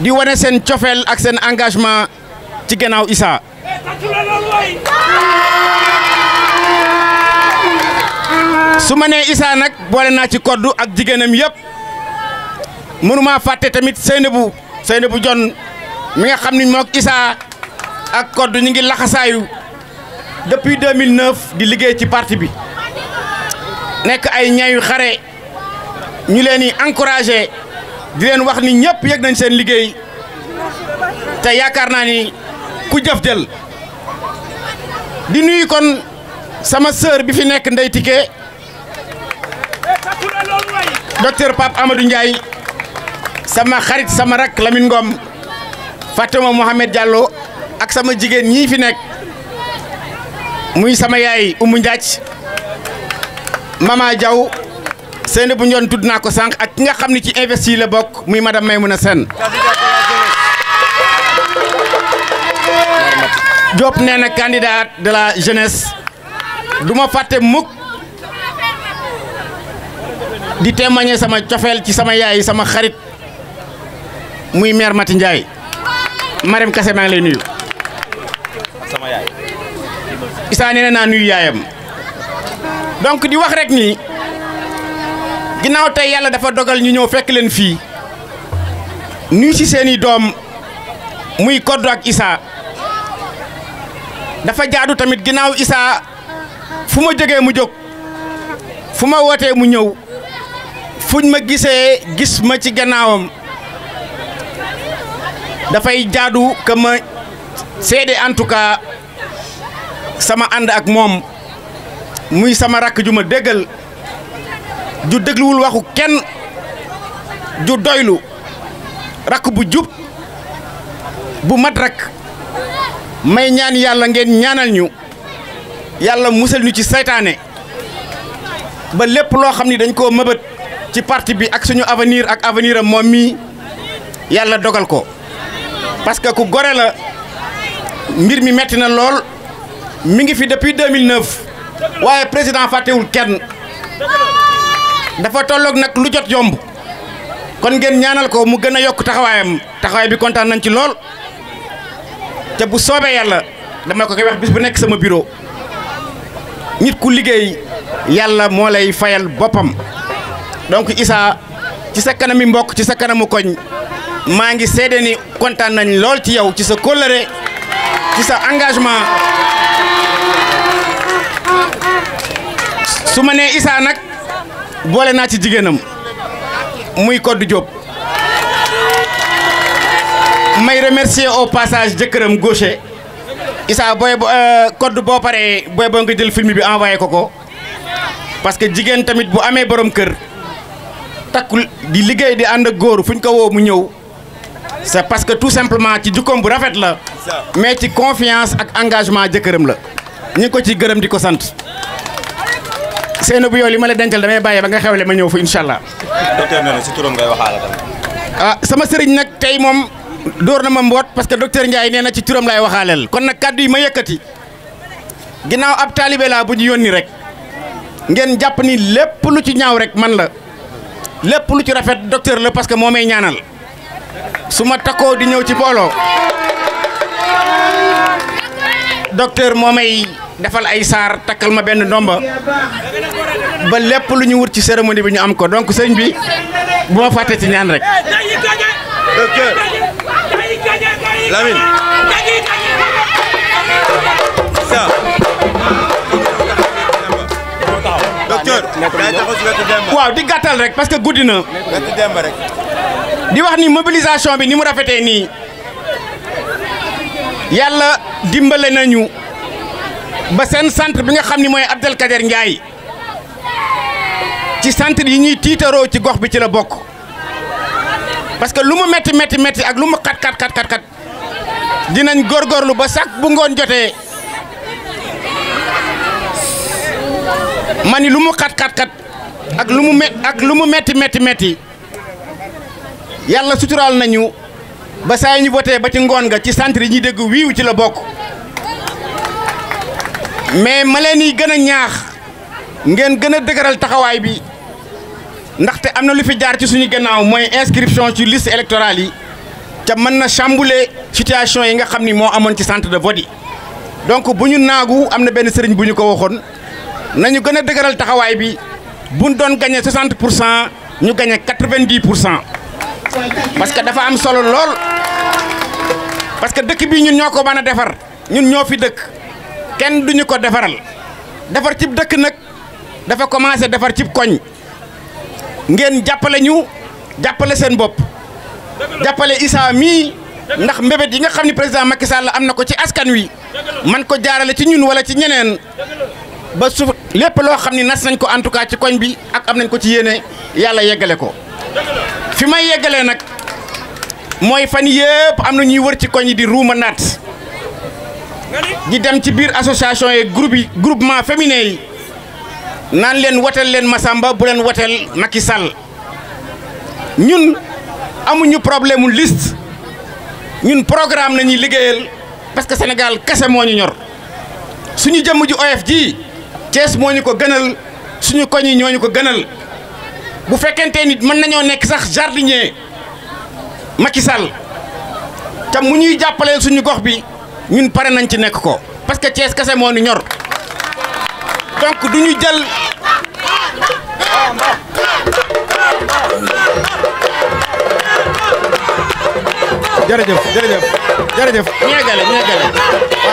di wone sen tiofel ak sen engagement ci gannaaw Isa. su ma isa nak bolé na ci koddu ak jigéenam yëpp mënuma faté tamit seynebu seynebu jonne mi nga xamni ni isa ak koddu ñi ngi laxasaayu depuis 2009 di liggéey ci parti bi Nek ay ñayu xaré ñu leen encourager di leen wax ni ñëpp yëg nañ seen liggéey te yaakaar naa ni ku jëf jël di nuyu kon sama sœur bi fi nekk Ndeye Tické docteur Pape Amadou Ndiaye sama xarit sama rakk Lamine Ngom Fatuma Mohamed Diallo ak sama jigéen ñi fi nekk muy sama yaay Umu Ndiac Mama Diaw Seynabou bu tudd tudna ko sank ak ki nga xamni ci investi la bok muy madame maymuna sen job nee candidat de la jeunesse duma faté muk di témoigner sama cofeel ci sama yaay sama xarit muy mère Mati ndjay Marème kasse ma ngi lay nuyu sama yaay isa nee na nuyu yaayam donc di wax rek ni ginnaaw tey yàlla dafa dogal ñu ñëw fekk leen fii nuyu ci seeni doom muy Koddu ak Issa dafa jaadu tamit ginnaaw Issa fu ma jógee mu jóg fu ma wootee mu ñëw fuñ ma gisee gis ma ci gannaawam dafay jaadu que ma seede en tout cas sama ànd ak moom muy sama rakk ju ma déggal ju dégluwul waxu kenn ju doylu rakk bu jub bu mat rakk may ñaan yàlla ngeen ñaanal ñu yàlla musal ñu ci seytaane ba lépp loo xam ni dañ koo mëbët ci parti bi ak suñu avenir ak avenir moom mii yàlla dogal ko parce que ku gore la mbir mi metti na lool mu ngi fi depuis 2009 waaye président fàttewul kenn dafa tolloog nag lu jot yomb kon ngeen ñaanal ko mu gën a yokk taxawaayam taxawaay bi kontaan nañ ci lool te bu soobee yàlla dama ko koy bis bu nekk sama bureau nit ku liggéey yàlla moo lay fayal boppam donc Issa ci sa kanami mbokk ci sa kanamu koñ maa ngi seede ni kontaan nañ lool ci yow ci sa kóllëre ci sa engagement su ma nee Issa nag. bolé na ci jigéenam muy code Diop may remercier au passage jëkkëram gaucher boy euh code bo paré boy bo nga jël film bi envoyé koko parce que jigéen tamit bu amé borom kër takul di liggéey di ànd ak góor fu ko wo mu ñew c'est parce que tout simplement ci jukkoom bu rafet la mais ci confiance ak engagement jëkkëram la ñi ko ci gërëm di ko sant seen bu yow li ma la dencal damay bàyyi ba nga xewle ma ñëw fu incha allah. docteur nee ah sama sëriñ nag tey moom dóor na ma mboot parce que docteur Ndiaye nee na ci turam laay waxaaleel kon nag kàddu yi ma yëkkati ginnaaw ab taalibe laa bu ñu yónni rek ngeen jàpp ni lépp lu ci ñaaw rek man la lépp lu ci rafet docteur la parce que moo may ñaanal su ma takkoo di ñëw ci booloo docteur moo may defal ay saar takkal ma benn ndomba ba lépp lu ñu wut ci cérémonie bi ñu am ko donc sëñ bi bu ma fàtte ci ñaan rek. Lamine. waaw di gàttal rek parce que guddi na. di wax ni mobilisation bi ni mu rafetee nii. yàlla dimbale nañu. ba sen centre bi nga xamni ni Abdel Kader Ndiaye ci centre yi ñi tiitaroo ci gox bi ci la bok parce que luma metti metti metti ak lu kat kat, kat kat kat dinañ góorgóorlu ba sak bu ngon joté mani luma lu kat kat ak luma met ak luma metti metti metti yalla sutural nañu ba say ñu voté ba ci ngon nga ci centre yi ñi dégg wiwu ci la bok mais ma leen di gën a ñaax ngeen gën a dëgëral taxawaay bi ndaxte am na lu fi jaar ci suñu gannaaw mooy inscription ci liste électorale yi te mën na chambouler situation yi nga xam ni moo amoon ci centre de vote yi donc bu ñu naagu am na benn sëriñ bu ñu ko waxoon nañu gën a dëgëral taxawaay bi buñ doon gagné 60 pour cent ñu gagné 90 pour cent parce que dafa am solo lool parce que dëkk bii ñun ñoo ko mën a defar ñun ñoo fi dëkk. kenn ñu ko defaral defar cib dëkk nag dafa commencé defar cib koñ ngeen jàppale ñu jàppale seen bopp jàppale Issa mii ndax mbébét yi nga xam ne président Macky Sall am na ko ci askan wi man ko jaarale ci ñun wala ci ñeneen ba su lépp loo xam ne nas nañ ko en tout cas ci koñ bi ak am nañ ko ci yéene yàlla yeggale ko fi may yeggalee nag mooy fan yëpp am na ñuy wër ci koñ yi di ruuma naat di dem ci biir association yi groupe yi groupement féminin yi naan leen wateel leen Massamba bu leen wateel Macky Sall ñun amuñu problème mu liste ñun programme nañuy liggéeyal parce que Sénégal kese moo ñu ñor suñu jëmm ju of ji Thiès moo ñu ko gënal suñu koñ yi ñoo ñu ko gënal bu fekkente nit mën nañoo nekk sax jardinier Macky Sall te mu ñuy jàppale suñu gox bi. ñun paré nañ ci nek ko parce que Thiès kasse mo ñu ñor donc duñu jël jerejef jerejef jërëjëf ñu yeggale ñu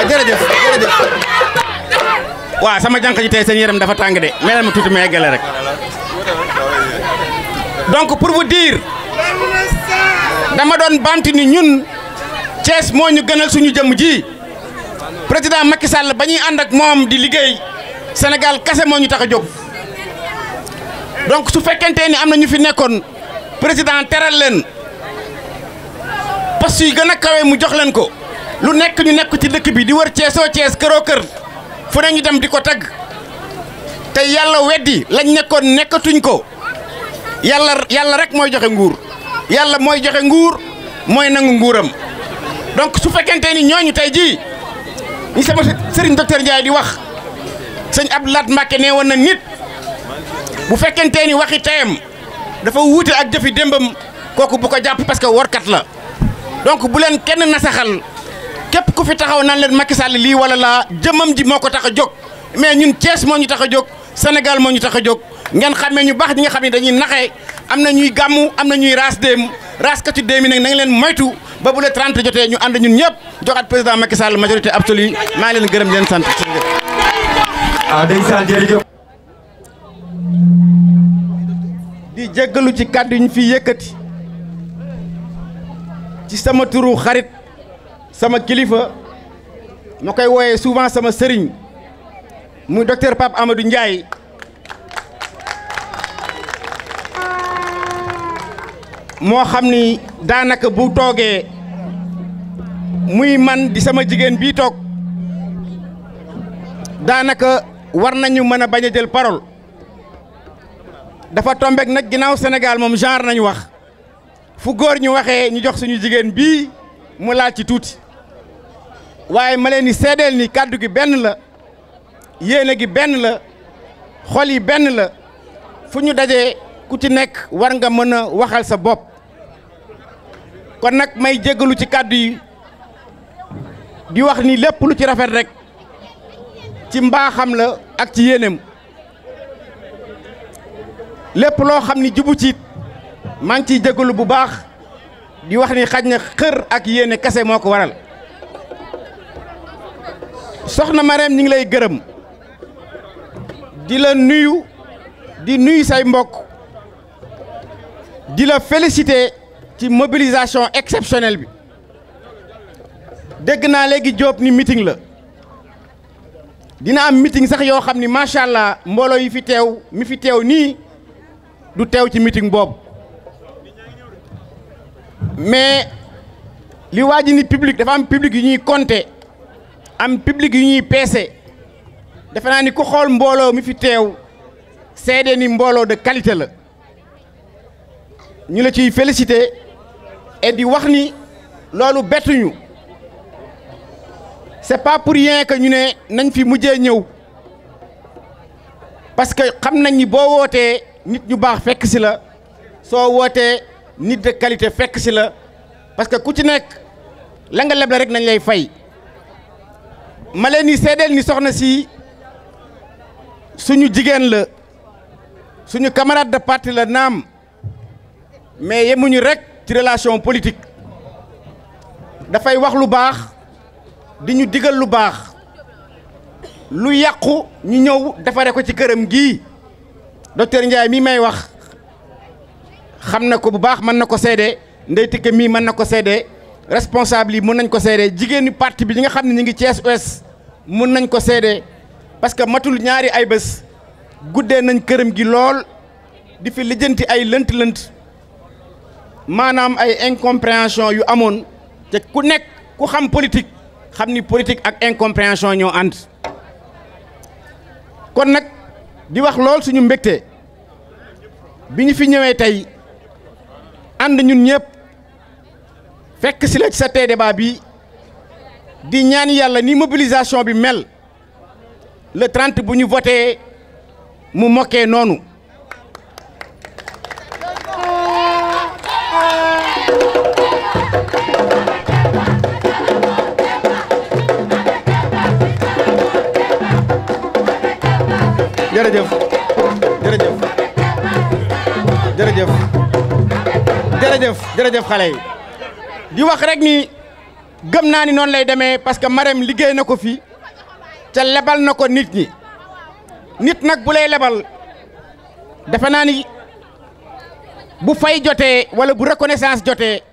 yeggale sama jànq ji tey seen yaram dafa tàng de melal ma tuuti ma rek donc pour vous dire dama ñun Thiès mo ñu gënal suñu jëm ji président Macky Sall ba and ak mom di liggéey Sénégal kese mo ñu taxa jog donc su fekkenté ni amna ñu fi nekkon président téral leen parce yi gëna kawé kawe mu jox leen ko lu nekk ñu nekk ci dëkk bi di wër so Thiès kéro kër fu ne ñu dem di tag tagg te wéddi lañ nekkon nekkatuñ ko yalla yalla rek moy joxe nguur yalla moy joxe nguur moy nangu nguuram. donc su fekkente ni ñooñu tey ji ñi sama sëriñ docteur Ndiaye di wax sëñ ab Lahad Mbacké nee woon na nit bu fekkente ni waxi teyam dafa wuute ak jëfi démbam kooku bu ko jàpp parce que workat la donc bu leen kenn nasaxal képp ku fi taxaw naan leen Macky Sall lii wala laa jëmmam ji moo ko tax a jóg mais ñun cees moo ñu tax a jóg Sénégal moo ñu tax a jóg ngeen xamee ñu baax ñi nga xam ne dañuy naxee am na ñuy gàmmu am na ñuy raas dem raaskatu deux mi nag na leen moytu ba bu le 30 jotee ñu ànd ñun ñëpp joxaat président Macky Sall majorité absolue maa ngi leen gërëm leen sant. ah ndeysaan jërëjëf. di jéggalu ci kàddu yi ñu fi yëkkati ci sama turu xarit sama kilifa ma koy wooyee souvent sama sëriñ muy docteur Pape Amadou Ndiaye. moo xam ni daanaka bu toogee muy man di sama jigéen bii toog daanaka war nañu mën a bañ a jël parole dafa tombek nag ginnaaw Sénégal moom genre nañu wax fu góor ñu waxee ñu jox suñu jigéen bii mu laal ci tuuti waaye ma leen di seedeel ni kàddu gi benn la yéene gi benn la xol yi benn la fu ñu dajee ku ci nekk war nga mën a waxal sa bopp kon nag may jéggalu ci kàddu yi di wax nii lépp lu ci rafet rek ci mbaaxam la ak ci yéeneem lépp loo xam ni jubu ciit maa ngi ciy jégalu bu baax di wax ni xaj na xër ak yéene kese moo ko waral soxna Marème ñi ngi lay gërëm di la nuyu di nuyu say mbokk di la féliciter ci mobilisation exceptionnelle bi dégg naa léegi Diop ni meeting la dina am meeting sax yoo xam ni macha allah mbooloo yi fi teew mi fi teew ni, du teew ci meeting Bob. mais li waa ji ni public dafa am public yu ñuy compter am public yu ñuy peese defe naa ni ku xool mbooloo mi fi teew seede ni mbooloo de qualité la. Nous la ciy et di wax ni loolu bettuñu c'est pas pour rien que nous ne nañ fi mujjee parce que ni boo wootee nit ñu baax fekk si la nit de qualité fekk parce que ku ci nekk la nga leble rek nañ lay fay ma nous ni seedeel ni soxna si suñu la de parti la mais yemuñu rek ci relation politique dafay wax lu baax di ñu digal lu baax lu yàqu ñu ñëw defare ko ci këram gii docteur Ndiaye mi may wax xam na ko bu baax mën na ko seede Ndeye Tické mii mën na ko seede responsable yi mën nañ ko seede jigéenu parti bi ñi nga xam ne ñu ngi Thiès Ouest mën nañ ko seede parce que matul ñaari ay bés guddee nañ këram gi lool di fi lijjanti ay lënt-lënt. manam ay incompréhension yu amone te ku nek ku xam politique xamni politique ak incompréhension ño kon di wax lol suñu biñu fi ñëwé tay and ñun ñëpp fekk si la ci sa débat bi di ñaan yalla ni mobilisation le 30 buñu voté mu jërëjëf jërëjëf jërëjëf xale yi di wax rek ni gëm naa ni noonu lay demee parce que Marème liggéey na ko fii te lebal na ko nit ñi nit nag bu lay lebal defe naa ni bu fay jotee wala bu reconnaissance jotee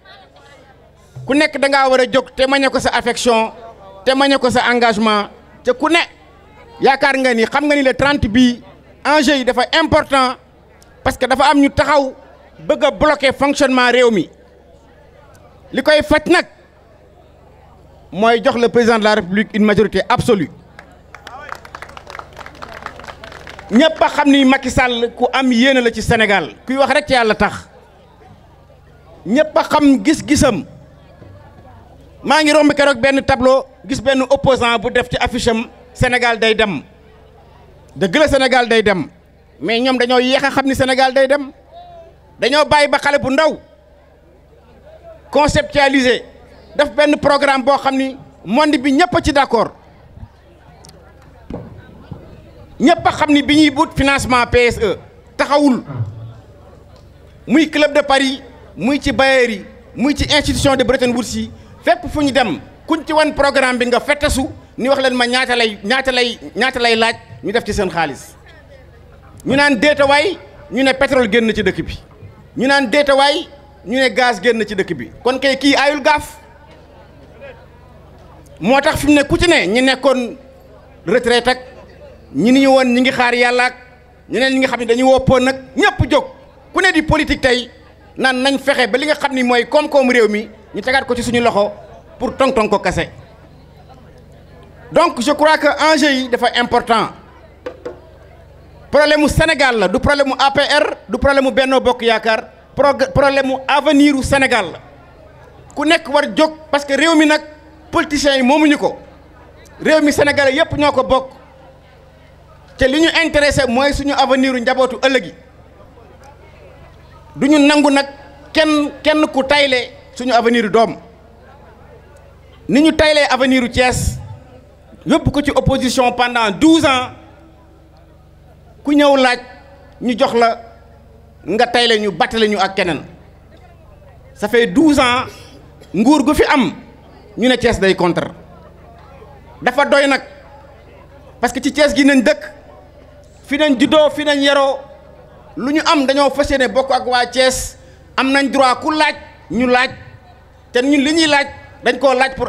ku nekk da war a jóg te mañe ko sa affection te mañe ko sa engagement te ku ne yaakaar nga ni xam nga ni le 30 bi enjeu yi dafa important parce que dafa am ñu taxaw bëgg a bloquer fonctionnement réew mi li koy faj nag mooy jox le président de la république une majorité absolue ñëpp a xam ni Macky Sall ku am yéene la ci Sénégal kuy wax rek ci yàlla tax ñëpp a xam gis-gisam maa ngi romb keroog benn tableau gis benn opposant bu def ci affiche am. Sénégal day dem Sénégal day dem mais ñom dañoo yéxa xamni Sénégal day dem dañoo bàyyi ba xalé bu ndaw conceptualiser def ben programme pour xamni monde bi ñepp d'accord ñepp a biñuy bout financement PSE taxawul muy club de Paris muy ci bailleurs institution de Bretton Woods fait pour dem kuñ programme bi nga ni wax leen ma ñaata lay ñaata lay ñaata lay laaj ñu def ci seen xaalis ñu naan déetawaay ñu ne pétrole génn ci dëkk bi ñu naan déetawaay ñu ne gaz génn ci dëkk bi kon kay kii aayul gaaf moo tax fi mu ne ku ci ne ñi nekkoon retraite ak ñu ni ñu woon ñi ngi xaar yàlla ñeneen ñi nga xam ne dañuy woppoon nag ñëpp jóg ku ne di politique tey naan nañ fexe ba li nga xam ni mooy koom-koom réew mi ñu tegaat ko ci suñu loxo pour tong-tong ko kase donc je crois que enjeu yi dafa important problème mu Sénégal la du problème mu APR du problème mu Benno Bokk Yaakaar problème mu avenir du Sénégal ku nekk war jóg parce que réew mi politiciens yi moomuñu ko réew mi Sénégalais yépp ñoo ko bokk te li ñu intéressé mooy suñu avenir u njabootu ëllëgi du ñu nangu nag kenn kenn ku taylé suñu avenir u doom ni ñu avenir u Thiès nous ko opposition pendant 12 ans Nous avons eu ñu nous. la nga ça fait 12 ans nguur gu am ñu que nous day contre dafa doy parce que ci Thiès nous avons dëkk fi nañ juddoo fi nañ lu ñu am dañoo fas yéene bokk ak am nañ droit ku pour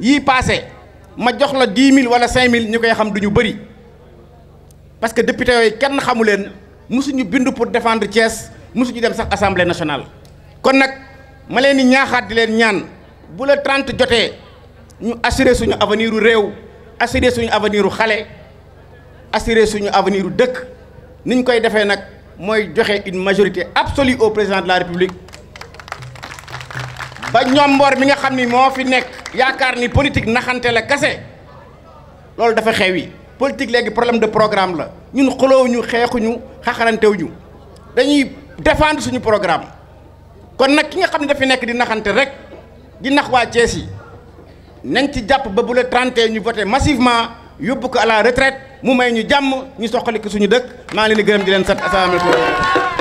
yii passé ma jox la dix mille wala cinq mille ñu koy xam duñu ñu bëri parce que député kenn xamu leen musuñu bind pour défendre Thiès musuñu dem sax assemblée nationale. kon nag ma leen di ñaaxaat di leen ñaan bu la trente jotee ñu assurer suñu avenir réew assurer suñu avenir xale assurer suñu avenir u dëkk niñ koy defee nag mooy joxe une majorité absolue au président de la république. ba ñoom mboor mi nga xam ni moo fi nekk yaakaar ni politique naxante la kase loolu dafa xewi politique léegi problème de programme la ñun xoloowuñu xeexuñu xaxarantewuñu dañuy défendre suñu programme kon nag ki nga xam ne dafa nekk di naxante rek di nax waa Thiès yi nañ ci jàpp ba bu la 31 ñu voté massivement yóbbu ko à la mu may ñu jàmm ñu soqali ko suñu dëkk maa ngi leen di gërëm di leen sant asalaamaaleykum